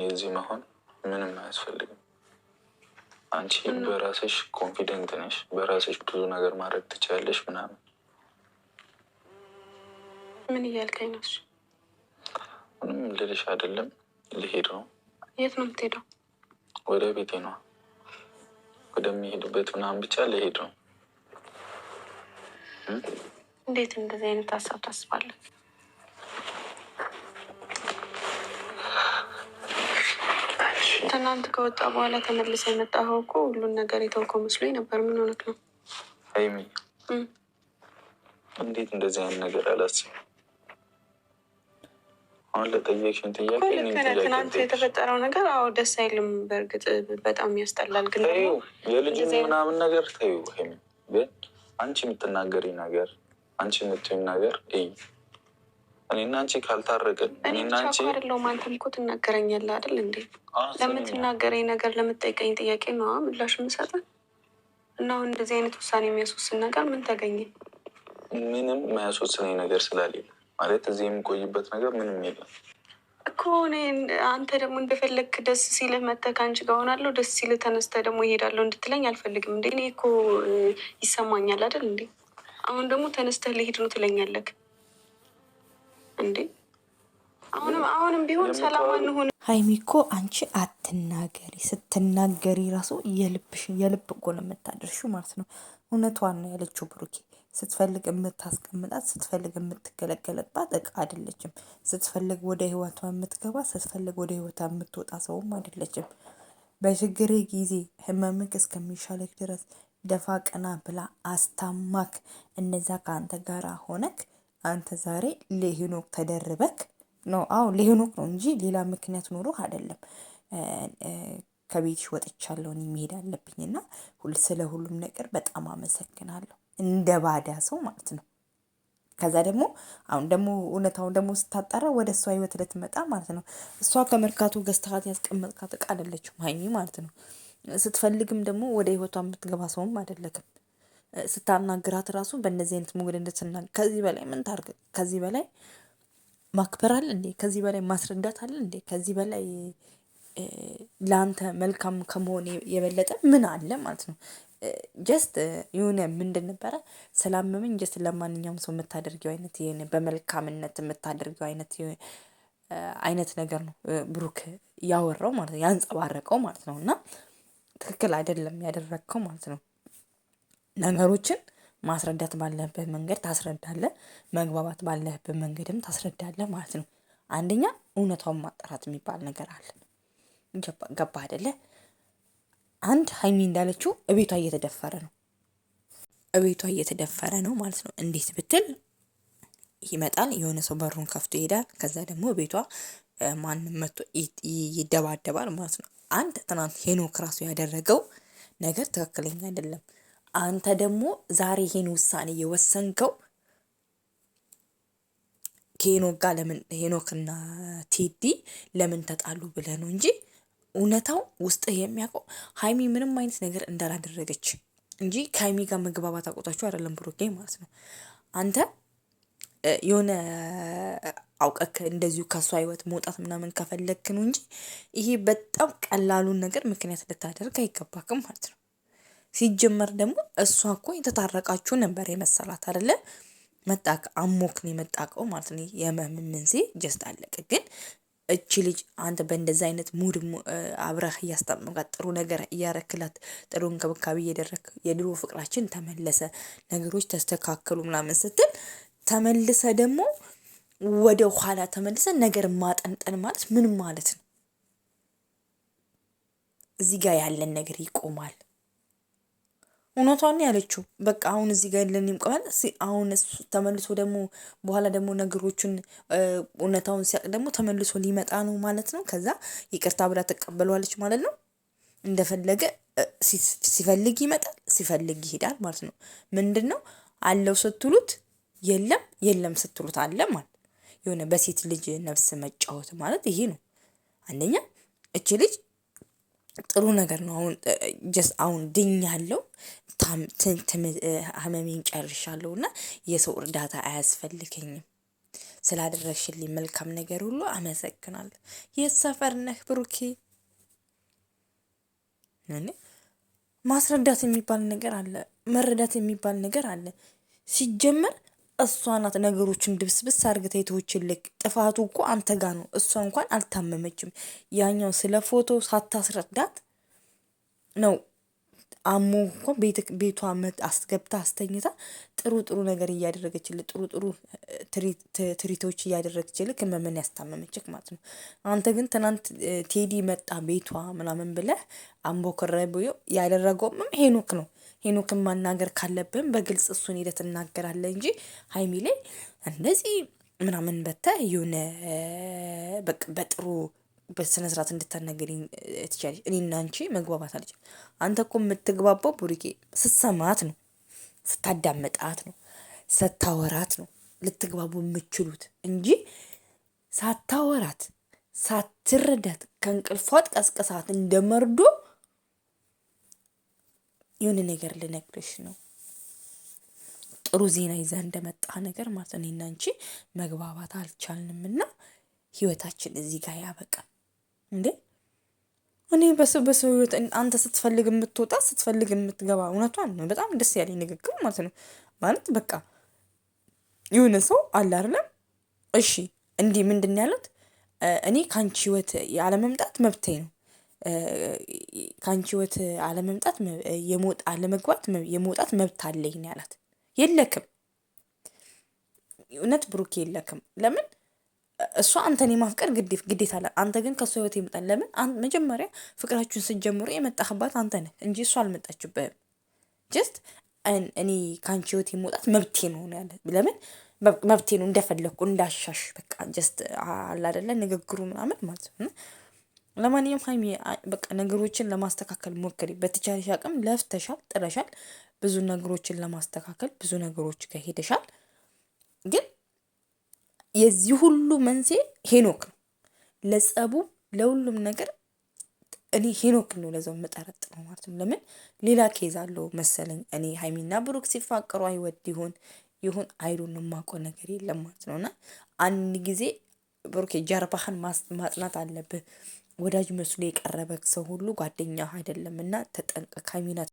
እኔ እዚህ መሆን ምንም አያስፈልግም። አንቺ በራስሽ ኮንፊደንት ነሽ፣ በራስሽ ብዙ ነገር ማድረግ ትችያለሽ ምናምን። ምን እያልከኝ ነው? ምንም ልልሽ አይደለም። ልሄድ ነው። የት ነው የምትሄደው? ወደ ቤቴ ነው ወደሚሄድበት ምናምን ብቻ ለሄድ ነው። እንዴት እንደዚህ አይነት ሀሳብ ታስባለህ? ከእናንተ ከወጣ በኋላ ተመልሰ የመጣኸው እኮ ሁሉን ነገር የተውከው መስሎኝ ነበር። ምን ሆነህ ነው ሀይሚ? እንዴት እንደዚህ አይነት ነገር አላስ አሁን ለጠየቅሽን ጥያቄ ትናንት የተፈጠረው ነገር አዎ ደስ አይልም። በእርግጥ በጣም ያስጠላል። ግን የልጁ ምናምን ነገር ተይው ሀይሚ። ግን አንቺ የምትናገሪ ነገር አንቺ የምትይም ነገር እይ እኔና አንቺ ካልታረቅን እኔና አንቺ አይደለሁም። አንተም እኮ ትናገረኛለህ አይደል እንዴ? ለምትናገረኝ ነገር ለምትጠይቀኝ ጥያቄ ነው ምላሽ የምሰጠን እና አሁን እንደዚህ አይነት ውሳኔ የሚያስወስን ነገር ምን ተገኘ? ምንም የማያስወስነኝ ነገር ስላሌለ ማለት እዚህ የምቆይበት ነገር ምንም የለም እኮ እኔ። አንተ ደግሞ እንደፈለግክ ደስ ሲልህ መተህ ከአንቺ ጋር ሆናለሁ፣ ደስ ሲልህ ተነስተህ ደግሞ እሄዳለሁ እንድትለኝ አልፈልግም እንዴ? እኔ እኮ ይሰማኛል አይደል እንዴ? አሁን ደግሞ ተነስተህ ልሄድ ነው ትለኛለህ። እንዴ አሁንም አሁንም ቢሆን ሰላም አንሆን። ሀይሚ እኮ አንቺ አትናገሪ፣ ስትናገሪ ራሱ የልብ እኮ ነው የምታደርሺው ማለት ነው። እውነቷን ነው ያለችው ብሩኬ። ስትፈልግ የምታስቀምጣት ስትፈልግ የምትገለገለባት እቃ አይደለችም። ስትፈልግ ወደ ህይወቷ የምትገባ ስትፈልግ ወደ ህይወቷ የምትወጣ ሰውም አይደለችም። በችግር ጊዜ ህመምክ እስከሚሻለክ ድረስ ደፋ ቀና ብላ አስታማክ። እነዛ ከአንተ ጋር ሆነክ አንተ ዛሬ ለሄኖክ ተደርበክ ነው? አዎ ለሄኖክ ነው እንጂ ሌላ ምክንያት ኖሮ አይደለም። ከቤትሽ ወጥቻለሁ እኔ መሄድ አለብኝና ስለ ሁሉም ነገር በጣም አመሰግናለሁ። እንደ ባዳ ሰው ማለት ነው። ከዛ ደግሞ አሁን ደግሞ እውነታውን ደግሞ ስታጣራ ወደ እሷ ህይወት ልትመጣ ማለት ነው። እሷ ከመርካቶ ገዝተሃት ያስቀመጥካት እቃ አይደለችም ሀይሚ ማለት ነው። ስትፈልግም ደግሞ ወደ ህይወቷ የምትገባ ሰውም አይደለክም። ስታናግራት ራሱ በእነዚህ አይነት ሞገድ እንድትናገር ከዚህ በላይ ምን ታርግ? ከዚህ በላይ ማክበር አለ እንዴ? ከዚህ በላይ ማስረዳት አለ እንዴ? ከዚህ በላይ ለአንተ መልካም ከመሆን የበለጠ ምን አለ ማለት ነው። ጀስት የሆነ ምንድን ነበረ ስላመመኝ ጀስት ለማንኛውም ሰው የምታደርገው አይነት ይሄን በመልካምነት የምታደርገው አይነት አይነት ነገር ነው ብሩክ ያወራው ማለት ነው፣ ያንጸባረቀው ማለት ነው። እና ትክክል አይደለም ያደረግከው ማለት ነው። ነገሮችን ማስረዳት ባለህበት መንገድ ታስረዳለህ መግባባት ባለህበት መንገድም ታስረዳለህ ማለት ነው። አንደኛ እውነታውን ማጣራት የሚባል ነገር አለ። ገባ አይደለ? አንድ ሀይሚ እንዳለችው እቤቷ እየተደፈረ ነው። እቤቷ እየተደፈረ ነው ማለት ነው። እንዴት ብትል? ይመጣል የሆነ ሰው በሩን ከፍቶ ይሄዳል ከዛ ደግሞ ቤቷ ማንም መጥቶ ይደባደባል ማለት ነው። አንድ ትናንት ሄኖክ ራሱ ያደረገው ነገር ትክክለኛ አይደለም አንተ ደግሞ ዛሬ ይሄን ውሳኔ የወሰንከው ከሄኖክ ጋር ለምን ሄኖክና ቴዲ ለምን ተጣሉ ብለ ነው እንጂ እውነታው ውስጥህ የሚያውቀው ሀይሚ ምንም አይነት ነገር እንዳላደረገች እንጂ ከሀይሚ ጋር መግባባት አቆጣችሁ አይደለም ብሩኬ ማለት ነው። አንተ የሆነ አውቀክ እንደዚሁ ከሷ ህይወት መውጣት ምናምን ከፈለክ ነው እንጂ ይሄ በጣም ቀላሉን ነገር ምክንያት ልታደርግ አይገባክም ማለት ነው። ሲጀመር ደግሞ እሷ እኮ የተታረቃችሁ ነበር የመሰላት አደለ መጣቅ አሞክ ነው የመጣቀው ማለት ነው። የህመም መንስኤ ጀስት አለቀ። ግን እቺ ልጅ አንተ በእንደዚ አይነት ሙድ አብረህ እያስታመቃት ጥሩ ነገር እያረክላት ጥሩ እንክብካቤ እየደረክ የድሮ ፍቅራችን ተመለሰ፣ ነገሮች ተስተካከሉ ምናምን ስትል ተመልሰ ደግሞ ወደ ኋላ ተመልሰ ነገር ማጠንጠን ማለት ምን ማለት ነው? እዚህ ጋር ያለን ነገር ይቆማል። እውነቷን ያለችው። በቃ አሁን እዚህ ጋር የለንም ቅበል። አሁን እሱ ተመልሶ ደግሞ በኋላ ደግሞ ነገሮቹን እውነታውን ሲያቅ ደግሞ ተመልሶ ሊመጣ ነው ማለት ነው። ከዛ ይቅርታ ብላ ትቀበለዋለች ማለት ነው። እንደፈለገ ሲፈልግ ይመጣል፣ ሲፈልግ ይሄዳል ማለት ነው። ምንድን ነው አለው ስትሉት የለም፣ የለም ስትሉት አለ ማለት የሆነ በሴት ልጅ ነፍስ መጫወት ማለት ይሄ ነው። አንደኛ እች ልጅ ጥሩ ነገር ነው። አሁን ጀስ አሁን ድኛለሁ። ህመሜን ጨርሻለሁ እና የሰው እርዳታ አያስፈልገኝም። ስላደረግሽልኝ መልካም ነገር ሁሉ አመሰግናለሁ። የት ሰፈር ነህ ብሩኬ? ማስረዳት የሚባል ነገር አለ። መረዳት የሚባል ነገር አለ። ሲጀመር እሷ ናት ነገሮችን ድብስብስ አርግታ የተወችልክ። ጥፋቱ እኮ አንተ ጋ ነው። እሷ እንኳን አልታመመችም። ያኛው ስለ ፎቶ ሳታስረዳት ነው አሞ እንኳን ቤቷ አስገብታ አስተኝታ ጥሩ ጥሩ ነገር እያደረገችልህ ጥሩ ጥሩ ትሪቶች እያደረገችልህ ህመምን ያስታመመችክ ማለት ነው። አንተ ግን ትናንት ቴዲ መጣ ቤቷ ምናምን ብለህ አምቦ ክረብ ያደረገውም ሄኖክ ነው። ሄኖክን ማናገር ካለብን በግልጽ እሱን ሄደ ትናገራለ እንጂ ሀይሚ ላይ እንደዚህ ምናምን በተ የሆነ በጥሩ በስነ ስርዓት እንድታናገሪኝ ትችያለሽ። እኔና አንቺ መግባባት አልችልም። አንተ እኮ የምትግባባው ቡሩኬ ስትሰማት ነው፣ ስታዳመጣት ነው፣ ስታወራት ነው ልትግባቡ የምችሉት እንጂ ሳታወራት ሳትረዳት ከእንቅልፏት ቀስቅሳት እንደመርዶ የሆነ ነገር ልነግርሽ ነው። ጥሩ ዜና ይዛ እንደመጣ ነገር ማለት ነው። እኔና አንቺ መግባባት አልቻልንም እና ህይወታችን እዚህ ጋር ያበቃ እንዴ? እኔ በሰው በሰው ህይወት አንተ ስትፈልግ የምትወጣ ስትፈልግ የምትገባ እውነቷን ነው። በጣም ደስ ያለኝ ንግግር ማለት ነው። ማለት በቃ የሆነ ሰው አለ አይደለም? እሺ እንዲህ ምንድን ያለት እኔ ከአንቺ ህይወት ያለመምጣት መብቴ ነው ከአንቺ ህይወት አለመምጣት አለመግባት የመውጣት መብት አለኝ ነው ያላት። የለክም እውነት ብሩክ የለክም። ለምን እሷ አንተን የማፍቀር ግዴታ አላት። አንተ ግን ከእሷ ህይወት ይመጣል። ለምን መጀመሪያ ፍቅራችሁን ስትጀምሩ የመጣህባት አንተ ነህ እንጂ እሷ አልመጣችበህም። ጀስት እኔ ከአንቺ ህይወት የመውጣት መብቴ ነው ነው ያለ። ለምን መብቴ ነው፣ እንደፈለግኩ እንዳሻሽ በቃ ጀስት አላደለ ንግግሩ ምናምን ማለት ነው። ለማንኛውም ሀይሚ በቃ ነገሮችን ለማስተካከል ሞክሪ። በተቻለሽ አቅም ለፍተሻል፣ ጥረሻል፣ ብዙ ነገሮችን ለማስተካከል ብዙ ነገሮች ጋር ሄደሻል። ግን የዚህ ሁሉ መንስኤ ሄኖክ ነው። ለጸቡ፣ ለሁሉም ነገር እኔ ሄኖክ ነው ለዛው የምጠረጥረው ማለት ነው። ለምን ሌላ ኬዝ አለው መሰለኝ። እኔ ሀይሚና ብሩክ ሲፋቀሩ አይወድ ይሆን ይሁን አይሉን ማቆ ነገር የለም ማለት ነው። እና አንድ ጊዜ ብሩክ ጀርባህን ማጽናት አለብህ። ወዳጅ መስሎ የቀረበ ሰው ሁሉ ጓደኛ አይደለም እና ተጠንቀቅ።